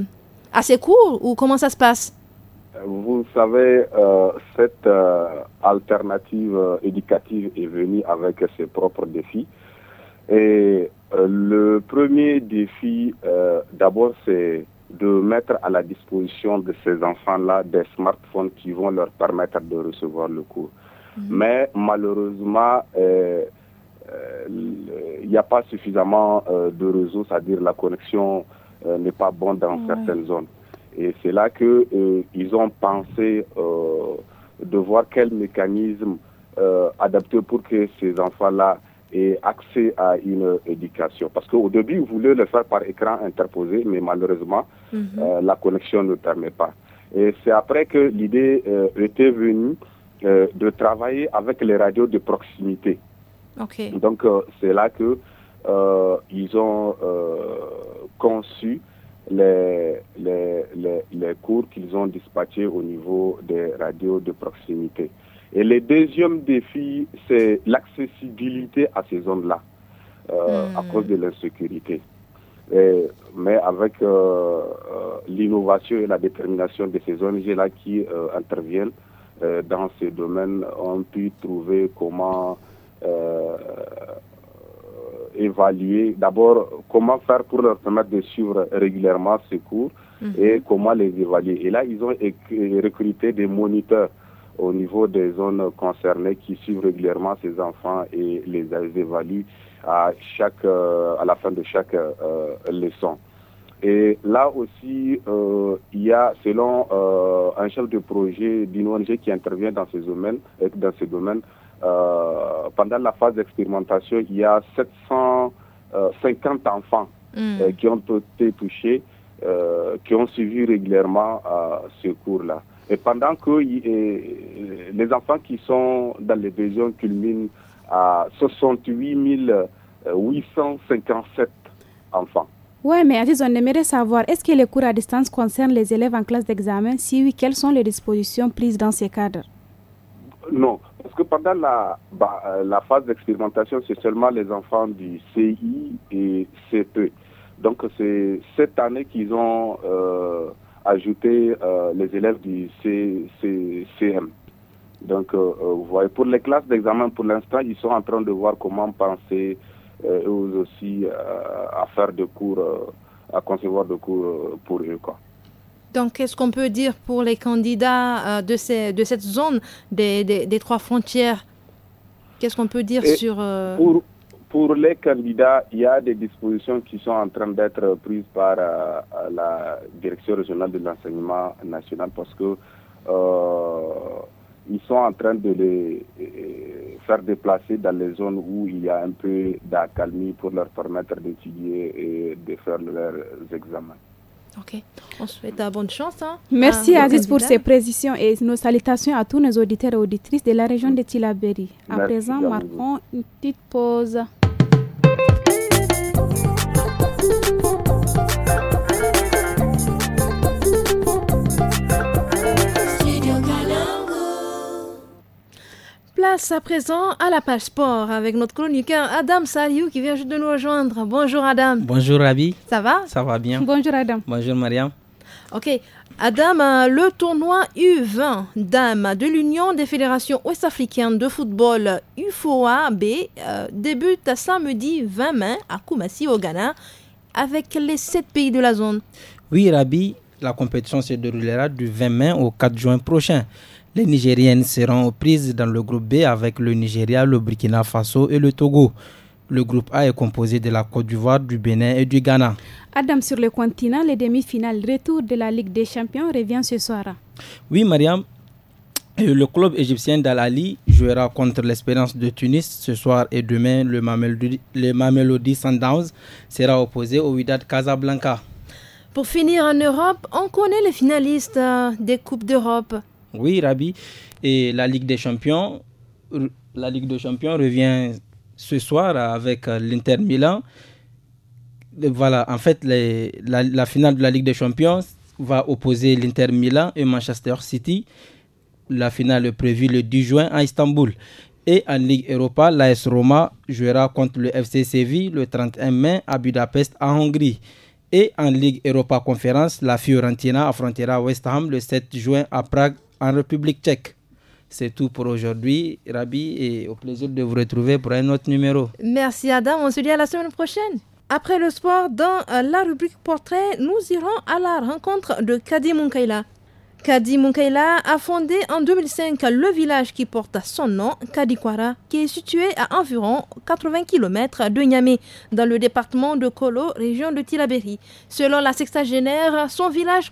ces cours ou comment ça se passe vous savez, euh, cette alternative éducative est venue avec ses propres défis. Et euh, le premier défi, euh, d'abord, c'est de mettre à la disposition de ces enfants-là des smartphones qui vont leur permettre de recevoir le cours. Mhm. Mais malheureusement, euh, il n'y a pas suffisamment de réseaux, c'est-à-dire la connexion n'est pas bonne dans certaines zones. Et c'est là qu'ils ont pensé de voir quel mécanisme adapté pour que ces enfants-là et accès à une éducation. Parce qu'au début, ils voulaient le faire par écran interposé, mais malheureusement, mhm. euh, la connexion ne permet pas. Et c'est après que l'idée euh, était venue euh, de travailler avec les radios de proximité. Donc, c'est là que ils ont conçu les, les cours qu'ils ont dispatchés au niveau des radios de proximité. Et le deuxième défi, c'est l'accessibilité à ces zones-là, euh, à hmm. cause de l'insécurité. Mais avec euh, euh, l'innovation et la détermination de ces ONG-là qui interviennent dans ces domaines, on pu trouver comment évaluer d'abord comment faire pour leur permettre de suivre régulièrement ces cours mhm. et comment les évaluer. Et là, ils ont recruté des moniteurs au niveau des zones concernées qui suivent régulièrement ces enfants et les évaluent à, chaque, euh, à la fin de chaque euh, leçon. Et là aussi, euh, il y a, selon un chef de projet d'une ONG qui intervient dans ces domaines dans ce domaine pendant la phase d'expérimentation, il y a 750 enfants hmm. qui ont été touchés, qui ont suivi régulièrement ce cours-là. Et pendant que les enfants qui sont dans les régions culminent à 68 857 euh, enfants. Oui, mais Aziz, on aimerait savoir, est-ce que les cours à distance concernent les élèves en classe d'examen Si oui, quelles sont les dispositions prises dans ces cadres Non, parce que pendant la, bah, euh, phase d'expérimentation, c'est seulement les enfants du CI et CP. Donc c'est cette année qu'ils ont euh, ajouté les élèves du C, CM. Donc, euh, euh, vous voyez, pour les classes d'examen, pour l'instant, ils sont en train de voir comment penser, euh, eux aussi, à faire des cours, à concevoir des cours pour eux. Quoi. Donc, qu'est-ce qu'on peut dire pour les candidats de, ces, de cette zone des, trois frontières Qu'est-ce qu'on peut dire sur... Pour, pour, les candidats, il y a des dispositions qui sont en train d'être prises par la Direction régionale de l'enseignement national parce que ils sont en train de les euh, faire déplacer dans les zones où il y a un peu d'accalmie pour leur permettre d'étudier et de faire leurs examens. Ok, on souhaite la bonne chance. Hein. Merci ah, Aziz pour ces précisions et nos salutations à tous nos auditeurs et auditrices de la région de Tilaberi. À présent, marquons une petite pause. Place à présent à la page sport avec notre chroniqueur Adam Saliou qui vient juste de nous rejoindre. Bonjour Adam. Bonjour Rabi. Ça va Ça va bien. Bonjour Adam. Bonjour Mariam. Ok. Adam, euh, le tournoi U20 dames de l'Union des fédérations ouest-africaines de football UFOA B euh, débute samedi 20 mai à Kumasi au Ghana avec les 7 pays de la zone. Oui Rabi, la compétition se déroulera du 20 mai au 4 juin prochain. Les Nigériennes seront prises dans le groupe B avec le Nigeria, le Burkina Faso et le Togo. Le groupe A est composé de la Côte d'Ivoire, du Bénin et du Ghana. Adam sur le continent, les demi-finales retour de la Ligue des Champions revient ce soir. Oui, Mariam. Le club égyptien dal jouera contre l'Espérance de Tunis ce soir et demain. Le Mamelodi, le sera opposé au Wydad Casablanca. Pour finir en Europe, on connaît les finalistes euh, des Coupes d'Europe. Oui, Rabi. Et la Ligue des Champions, la Ligue des Champions revient ce soir avec euh, l'Inter Milan. Voilà, en fait, la, la, finale de la Ligue des Champions va opposer l'Inter Milan et Manchester City. La finale est prévue le 10 juin à Istanbul. Et en Ligue Europa, l'AS Roma jouera contre le FC Séville le 31 mai à Budapest, en Hongrie. Et en Ligue Europa Conférence, la Fiorentina affrontera West Ham le 7 juin à Prague, en République tchèque. C'est tout pour aujourd'hui, Rabi, et au plaisir de vous retrouver pour un autre numéro. Merci Adam, on se dit à la semaine prochaine. Après le sport, dans euh, la rubrique portrait, nous irons à la rencontre de Kadi Munkaila. Kadi Munkaila a fondé en 2005 le village qui porte son nom, Kadikwara, qui est situé à environ 80 km de Niamey, dans le département de Kolo, région de Tilaberi. Selon la sextagénaire, son village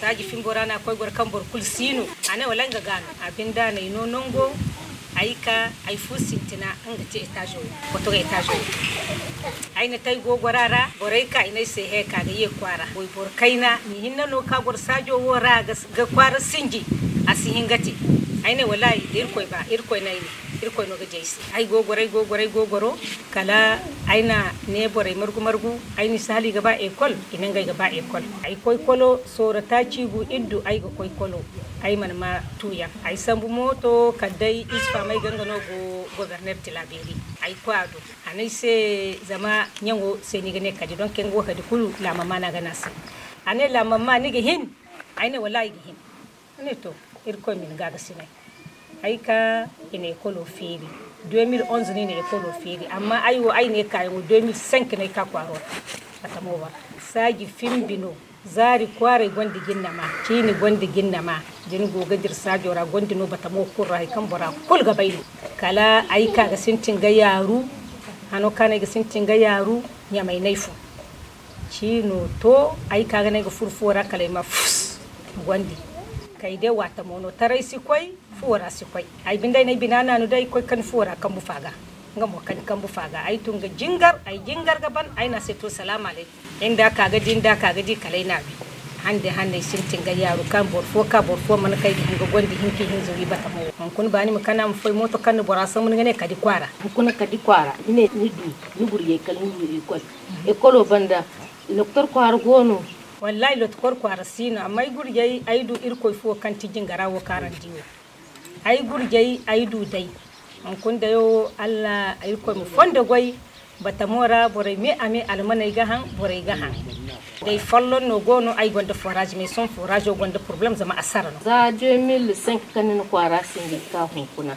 sagi fimbora na koy gor kambor kulsino ana walanga gano abinda na ino nongo aika ai tina anga te etajo koto etajo ai na tai go gorara borai ina se he ka ga ye kwara boy bor kaina ni hinna no ka gor sajo ra ga kwara singi asi hingati ai ne wallahi dir koy ba ir na ini irko no ga jeysi ay gogoro ay gogoro aina ne kala ayna nebore margu margu ay misali gaba inen inangay e gaba école e ai koi kolo sorata cigu indu ai ga koi kolo ai man ma tuya san sambu moto kadai isfa mai gangano go governor tilaberi ai kwado anai se zama nyango ne kadi don kengo kadi kulu la mama na se. anai la mama ni gihin aina wallahi gihin ne to irko min gaga sinai aika ina ekolo fili 2011 nina ekolo fili amma ayo aina eka yango 2005 na eka kwaro atamowa saji fim bino zari kware gondi ginna ma kini gondi ginna ma jini goga dir saji ora gondi no batamo kurra aika mbora kulga bayi kala aika ga sintin ga yaru ano kana ga sintin ga yaru nyamai naifu kino to aika ga na ga furfura kala ma fus gondi kaide wata mono tarai si kwai fuwara si kwai ai nai binana no dai kwai kan fuwara kan bufaga nga mo kan kan faga ai tunga jingar ai jingar gaban ai na seto salamu alaikum inda kaga dinda kaga di kalai na bi hande hande sintin ga yaro kan borfo ka borfo man kai di hanga gondi hinki hin zuwi bata mo mun kun bani mu kana mu foi moto kan borasa mun ngane kadi kwara kun kadi kwara ine ni di ni gurye kan ni ko e kolo banda doktor kwar gono wallahi lot kor ko arasino amma ay gurjey irko irkoy fo kanti jingara wo karandiwo ay jayi aidu dai an kunda yo allah irkoy mu fonde goy bata mora boray me ame almanay gahan boray han dai follon no gono ay gonda forage mais son forage o gonda problème zama asara no za 2005 kanin ko arasingi ka hunkuna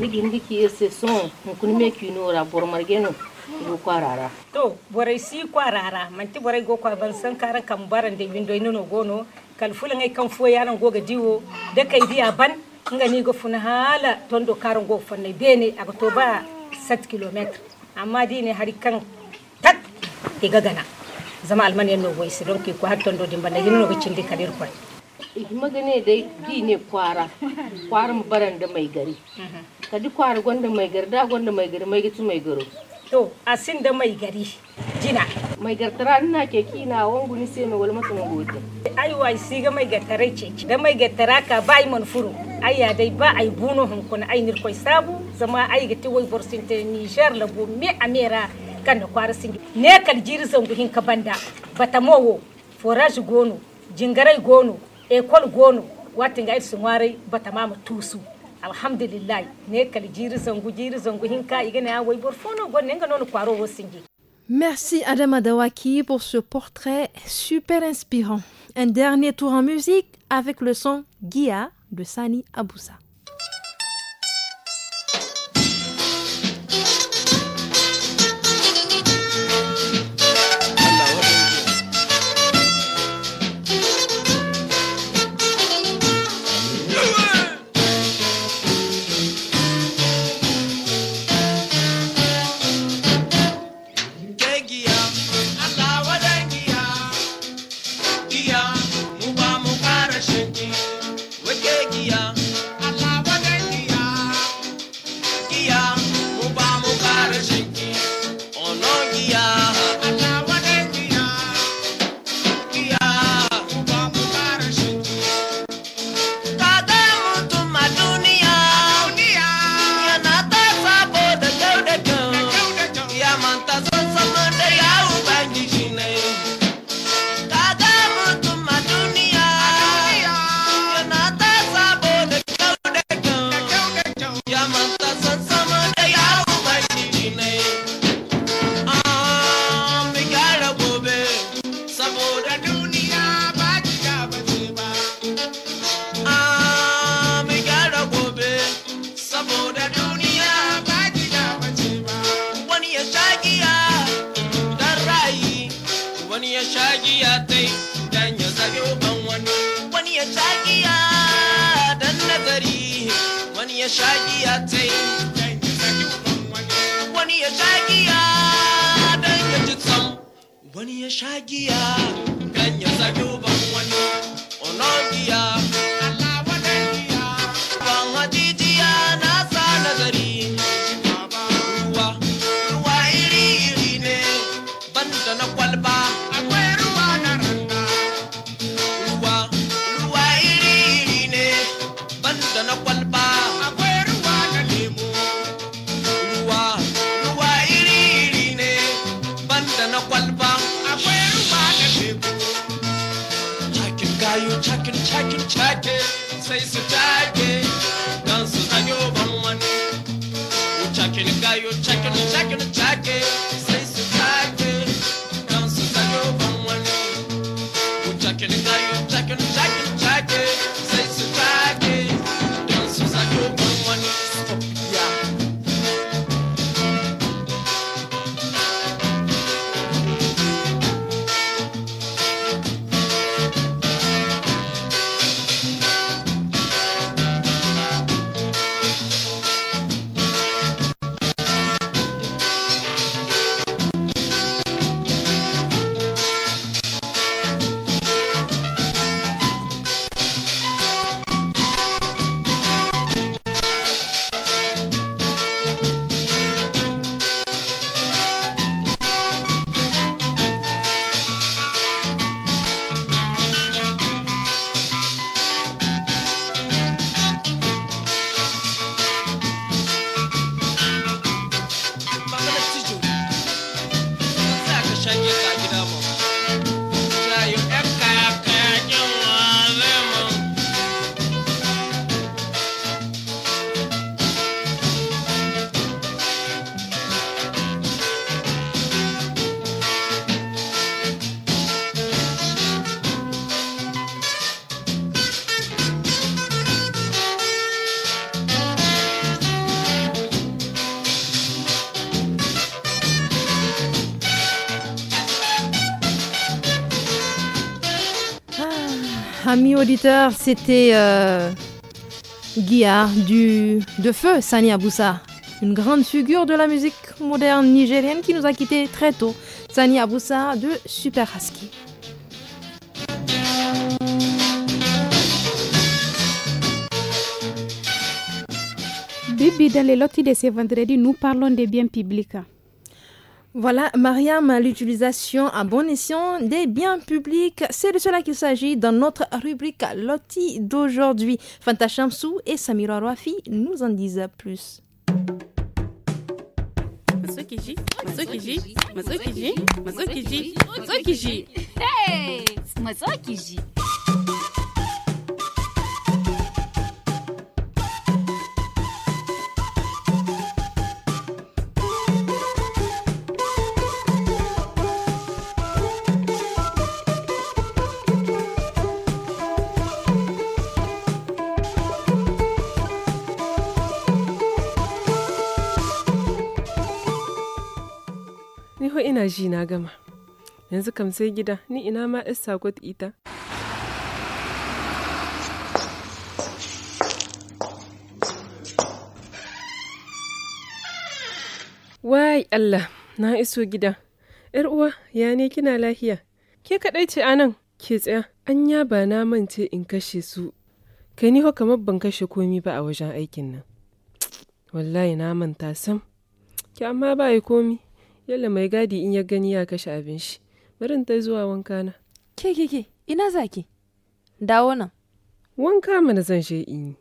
nigi ndiki ese son hunkun me ra bor margeno go kwarara to borai si kwarara manti borai go kwa ban san karan kan baran da windo ino gono kalfulan ai kan fo yaran go diwo da kai biya ban nga ni go funa hala tondo karan go fanne bene aga to ba 7 km amma di ne hari kan tat ke gagana zama almaniyan no go isi don ke ko har tondo dimba na n'o go cindi kadir kwai magane dai di ne kwara kwarin baran da mai gari mhm. kadi kwara gwanda mai gari da gwanda mai gari mai gitu mai garo to a sin da mai gari jina mai gartara ina ke kina wangu ni sai mai wal mata mangodi ai wai si ga mai gartara ce da mai gartara ka bai man furu, ai ya dai ba ai buno hankun ai nir koi sabu zama ai ga tiwai borsin jar la labo me amera kan da kwara sin ne kal jiri zan guhin ka banda bata mowo forage gono jingarai gono ekol gono watin ga su bata mama tusu Merci Adama Dawaki pour ce portrait super inspirant. Un dernier tour en musique avec le son Gia de Sani Aboussa. you chakin chakin say sai su take dan su zanyo ban wani chakin ga you chakin chakin chakin c'était euh, du, de Feu, Sani Aboussa, une grande figure de la musique moderne nigérienne qui nous a quitté très tôt. Sani Aboussa de Super Husky. Bibi, dans les lotis de ce vendredi, nous parlons des biens publics. Voilà, Mariam, l'utilisation à bon escient des biens publics, c'est de cela qu'il s'agit dans notre rubrique Loti d'aujourd'hui. Fanta et Samira Rafi nous en disent plus. Hey ina ji na gama. Yanzu kam sai gida, ni ina ma ‘yar sako ita. Wai Allah, na iso gida. ‘Yar uwa, ya ne kina lahiya? Ke kaɗai ce anan, ke tsaya, anya ba na mance in kashe su. Kai ni kamar ban kashe komi ba a wajen aikin nan. Wallahi na manta sam, ki amma ba komi. Yalla mai gadi in ya gani ya kashe abin shi. barin ta zuwa wanka na. Ke ke ke, ina zaki? Dawo nan. Wanka mana zan je in yi.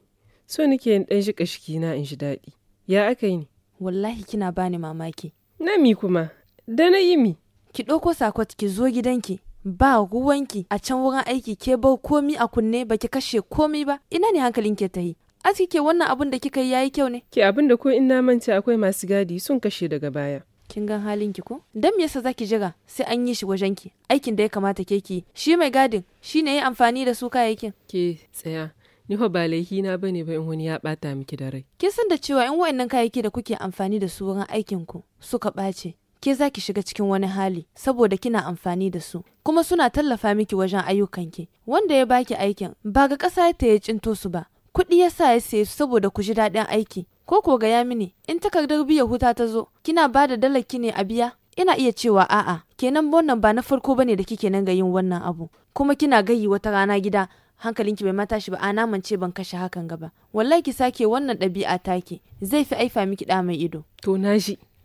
So nake in dan shika shiki na in ji daɗi. Ya aka yi ne? Wallahi kina bani mamaki. Na mi kuma, da na yi mi. Ki ɗauko sakot ki zo gidanki. Ba ruwanki a can wurin aiki ke bau komi a kunne ba ki kashe komi ba. Ina ne hankalin ke ta yi? Aski ke wannan abun da kika yi yayi kyau ne? Ke abun da ko in na mance akwai masu gadi sun kashe daga baya. kin gan halin ki ko dan me yasa zaki jira sai an yi shi wajen ki aikin da ya kamata ke ki shi mai gadin shi ne ya amfani da su kayayyakin ke tsaya ni fa ba laifi na bane ba in wani ya bata miki da rai kin san da cewa in wayannan kayayyaki da kuke amfani da su wurin aikin ku suka bace ke za ki shiga cikin wani hali saboda kina amfani da su kuma suna tallafa miki wajen ayyukanki wanda ya baki aikin ba ga ƙasa ta ya cinto su ba kuɗi ya sa ya saye su saboda ku ji daɗin aiki ko ko gaya mini in takardar biya huta ta zo kina ba da dalaki ne a biya ina iya cewa a'a kenan wannan ba na farko bane da kike nan ga yin wannan abu kuma kina gayi wata rana gida hankalinki bai mata shi ba ana naman ban kashe hakan gaba wallahi ki sake wannan ɗabi'a take zai fi aifa miki da mai ido to na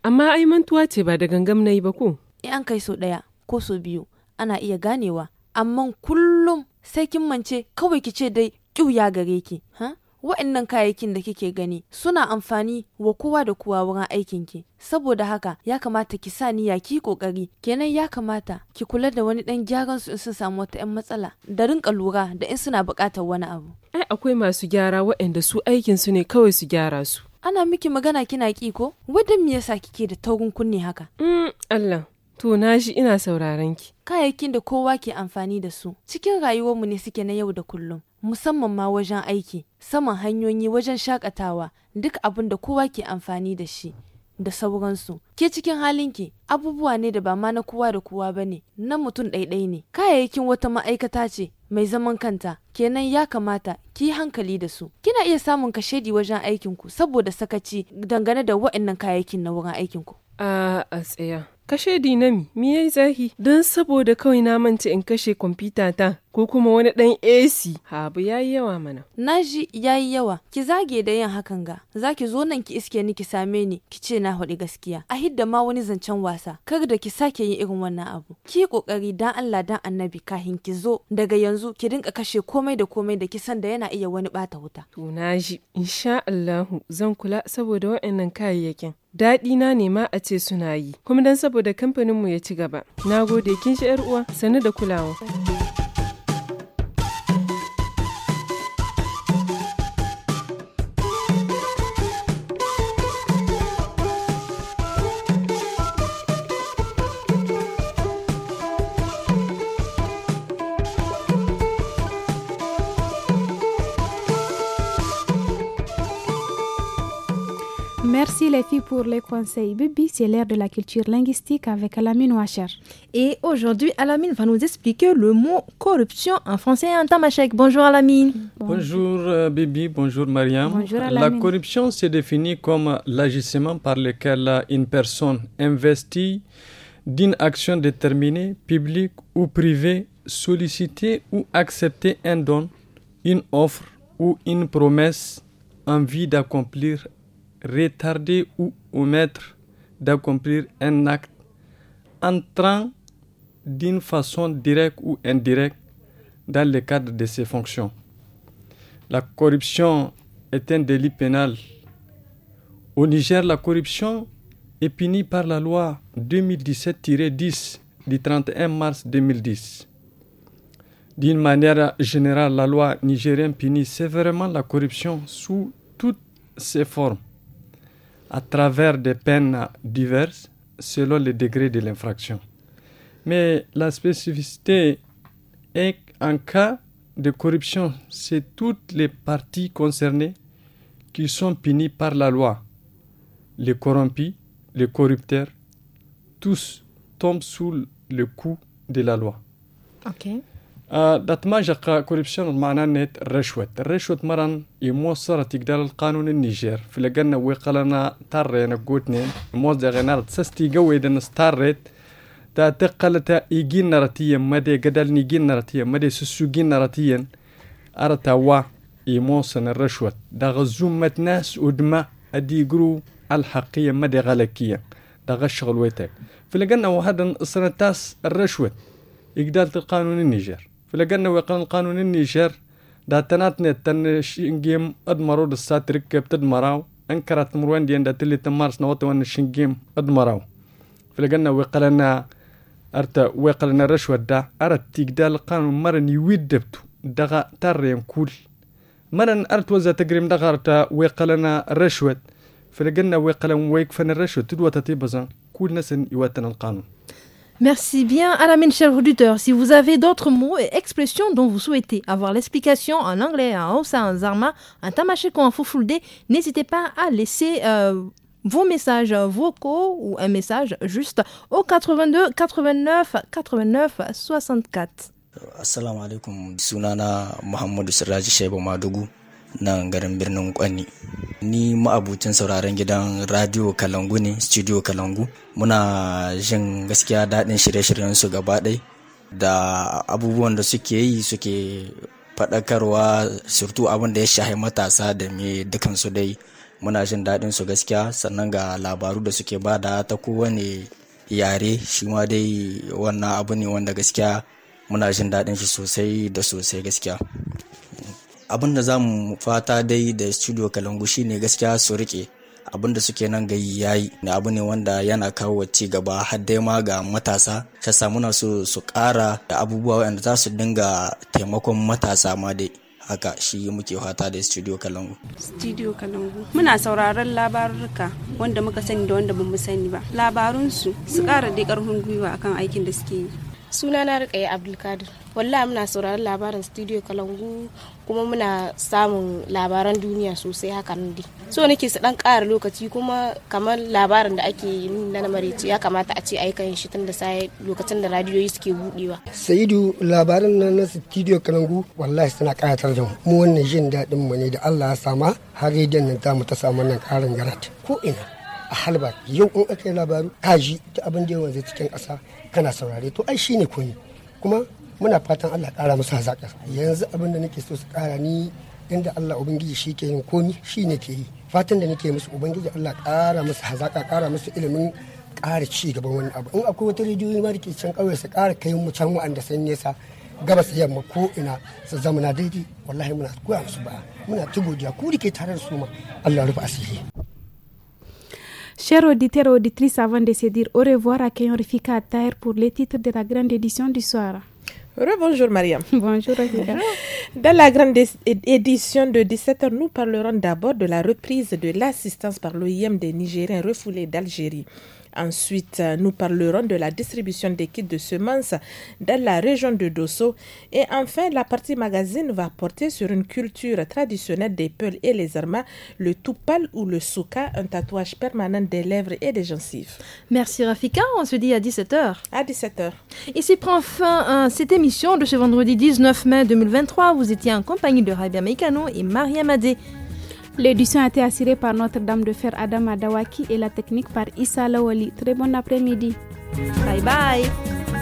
amma ai mantuwa ce ba da gangam nayi yi ba ko in an kai so ɗaya ko so biyu ana iya ganewa amma kullum sai kin mance kawai ki ce dai ƙiu ya gare ki ha wa'annan kayayyakin da kike gani suna amfani wa kowa da kowa wurin aikin ki saboda haka ya kamata ki sa niyya ki kokari kenan ya kamata ki kula da wani dan gyaran su in sun samu wata yan matsala da rinka lura da in suna bukatar wani abu ai akwai masu gyara waɗanda su aikin su ne kawai su gyara su ana miki magana kina ki ko wadan me yasa kike da taurin kunne haka mm Allah to na shi ina sauraron ki kayayyakin da kowa ke amfani da su cikin rayuwarmu ne suke na yau da kullum musamman ma wajen aiki, saman hanyoyi, wajen shakatawa, duk abin da kowa ke amfani da shi. da sauransu. Ke cikin halinki abubuwa ne da ba ma na kowa da kowa ba ne, na mutum ɗaiɗai ne. Kayayyakin wata ma'aikata ce mai zaman kanta, kenan ya kamata ki yi hankali da su. Kina iya samun kashedi wajen aikinku saboda sakaci dangane da waɗannan kayayyakin na wurin aikinku. A a tsaya. Kashedi na mi, me yayi zahi? Don saboda kawai na manta in kashe kwamfuta ta. ko kuma wani ɗan AC. Habu yayi yawa mana. Na ji yawa, ki zage da yin hakan ga, zaki zo nan ki iske ni ki same ni, ki ce na faɗi gaskiya. A hidda ma wani zancen wasa, kar da ki sake yin irin wannan abu. Ki kokari dan Allah dan annabi kahin ki zo, daga yanzu ki dinka kashe komai da komai da ki san da yana iya wani bata wuta. To naji insha Allahu zan kula saboda waɗannan kayayyakin. daɗi na ne ma a ce suna yi kuma dan saboda kamfaninmu ya ci gaba na gode kin shi uwa sanu da kulawa Merci les filles pour les conseils. Bibi, c'est l'ère de la culture linguistique avec Alamine Wacher. Et aujourd'hui, Alamine va nous expliquer le mot corruption en français et en Bonjour Alamine. Bonjour, euh, Bibi, bonjour Mariam. Bonjour Alamine. La corruption se définit comme l'agissement par lequel une personne investie d'une action déterminée, publique ou privée, solliciter ou accepter un don, une offre ou une promesse en vue d'accomplir retarder ou omettre d'accomplir un acte entrant d'une façon directe ou indirecte dans le cadre de ses fonctions. La corruption est un délit pénal. Au Niger, la corruption est punie par la loi 2017-10 du 31 mars 2010. D'une manière générale, la loi nigérienne punit sévèrement la corruption sous toutes ses formes à travers des peines diverses selon le degré de l'infraction. Mais la spécificité est qu'en cas de corruption, c'est toutes les parties concernées qui sont punies par la loi. Les corrompus, les corrupteurs, tous tombent sous le coup de la loi. دتماجق آه، كوربشن معنا نت الرشوة الرشوة مرن يموصر تقدر القانون النيجر في لقنا ويقلنا تاري نقوتني موزة غنار تسستي قوي دن ستارت تا تقلتا إيجين نرتيا مدي قدل نيجين نرتيا مدي سسوجين نرتيا أرتا وا يموصن الرشوة دا غزومة ناس ودما أدي قرو الحقية مدي غلكية دا غشغل ويتك في لقنا وهذا تاس الرشوة يقدر القانون النيجر فلقنا وقان قانون النيشر داتنات نت تن شنجيم ادمرو دسات ركب تدمراو انكرت مروان ديان دات اللي تمارس نوات وان شنجيم ادمراو فلقنا وقلنا أرتا وقلنا رشوة دا أرت تيقدال القانون مرن يويدبتو دغا تاريم كول مرن أرت وزا تقريم دغا أرتا وقلنا رشوة فلقنا وقلن ويكفن الرشوة تدوى تطيبزا كل ناس يواتنا القانون Merci bien, Alamine, chers auditeurs, Si vous avez d'autres mots et expressions dont vous souhaitez avoir l'explication en anglais, en haussa, en zarma, en ou en foufoulde, n'hésitez pas à laisser euh, vos messages vocaux ou un message juste au 82 89 89 64. Assalamu alaikum. Sunana Mohamed nan garin birnin Kwani. Ni ma'abucin sauraron gidan Radio Kalangu ne, Studio Kalangu. Muna jin gaskiya daɗin shirye-shiryen su gaba ɗai da abubuwan da suke yi suke faɗakarwa surtu abin da ya shahi matasa da me dukansu dai muna jin daɗin su gaskiya sannan ga labaru da suke bada ta kowane yare shi ma dai wannan abu ne wanda gaskiya muna jin daɗin shi sosai da sosai gaskiya abin da za mu fata dai da studio kalangu shine gaskiya su rike abin da suke nan gayi yayi ne abu ne wanda yana kawo ci gaba har dai ma ga matasa ta samu na su su kara da abubuwa wanda za su dinga taimakon matasa ma dai haka shi muke fata da studio kalangu studio kalangu muna sauraron labarurka wanda muka sani da wanda bamu sani ba labarunsu su kara dai karfin gwiwa akan aikin da suke yi suna na rika abdulkadir wallahi muna sauraron labarin studio kalangu kuma muna samun labaran duniya sosai haka nan dai so nake su dan ƙara lokaci kuma kamar labarin da ake yi na ya kamata a ce aikan shi tun da sai lokacin da radiyoyi suke budewa sayidu labaran nan na studio kalangu wallahi suna ƙayatar da mu wannan jin daɗin mu ne da Allah ya sama har rediyon nan ta mu ta samu nan ƙarin garat ko ina a halba yau in aka yi labaru kaji ta abin da yawan zai cikin ƙasa kana saurare to ai shi shine koyi kuma muna fatan Allah kara musu hazaƙa yanzu abin da nake so su ƙara ni inda Allah ubangiji shi ke yin komi shi ne ke yi fatan da nake musu ubangiji Allah kara musu hazaƙa kara musu ilimin ƙara ci gaban wani abu in akwai wata rediyo ma da ke can ƙauye su ƙara kai mu can wa'anda sun nesa gabas yamma ko ina su zama na daidai wallahi muna koya musu ba muna ta godiya ku da ke tare da su ma Allah rufe asiri Chers auditeurs et auditrices, avant de se dire au revoir, à accueillons Rifika terre pour les titres de la grande édition du soir. Bonjour Mariam. Bonjour Dans la grande édition de 17h, nous parlerons d'abord de la reprise de l'assistance par l'OIM des Nigériens refoulés d'Algérie. Ensuite, euh, nous parlerons de la distribution des kits de semences dans la région de Dosso. Et enfin, la partie magazine va porter sur une culture traditionnelle des Peuls et les Armas, le Toupal ou le Souka, un tatouage permanent des lèvres et des gencives. Merci Rafika, on se dit à 17h. À 17h. Ici prend fin hein, cette émission de ce vendredi 19 mai 2023. Vous étiez en compagnie de Rabia Meikano et Maria Madé. L'édition a été assurée par Notre-Dame de Fer Adam Adawaki et la technique par Issa Lawali. Très bon après-midi. Bye bye.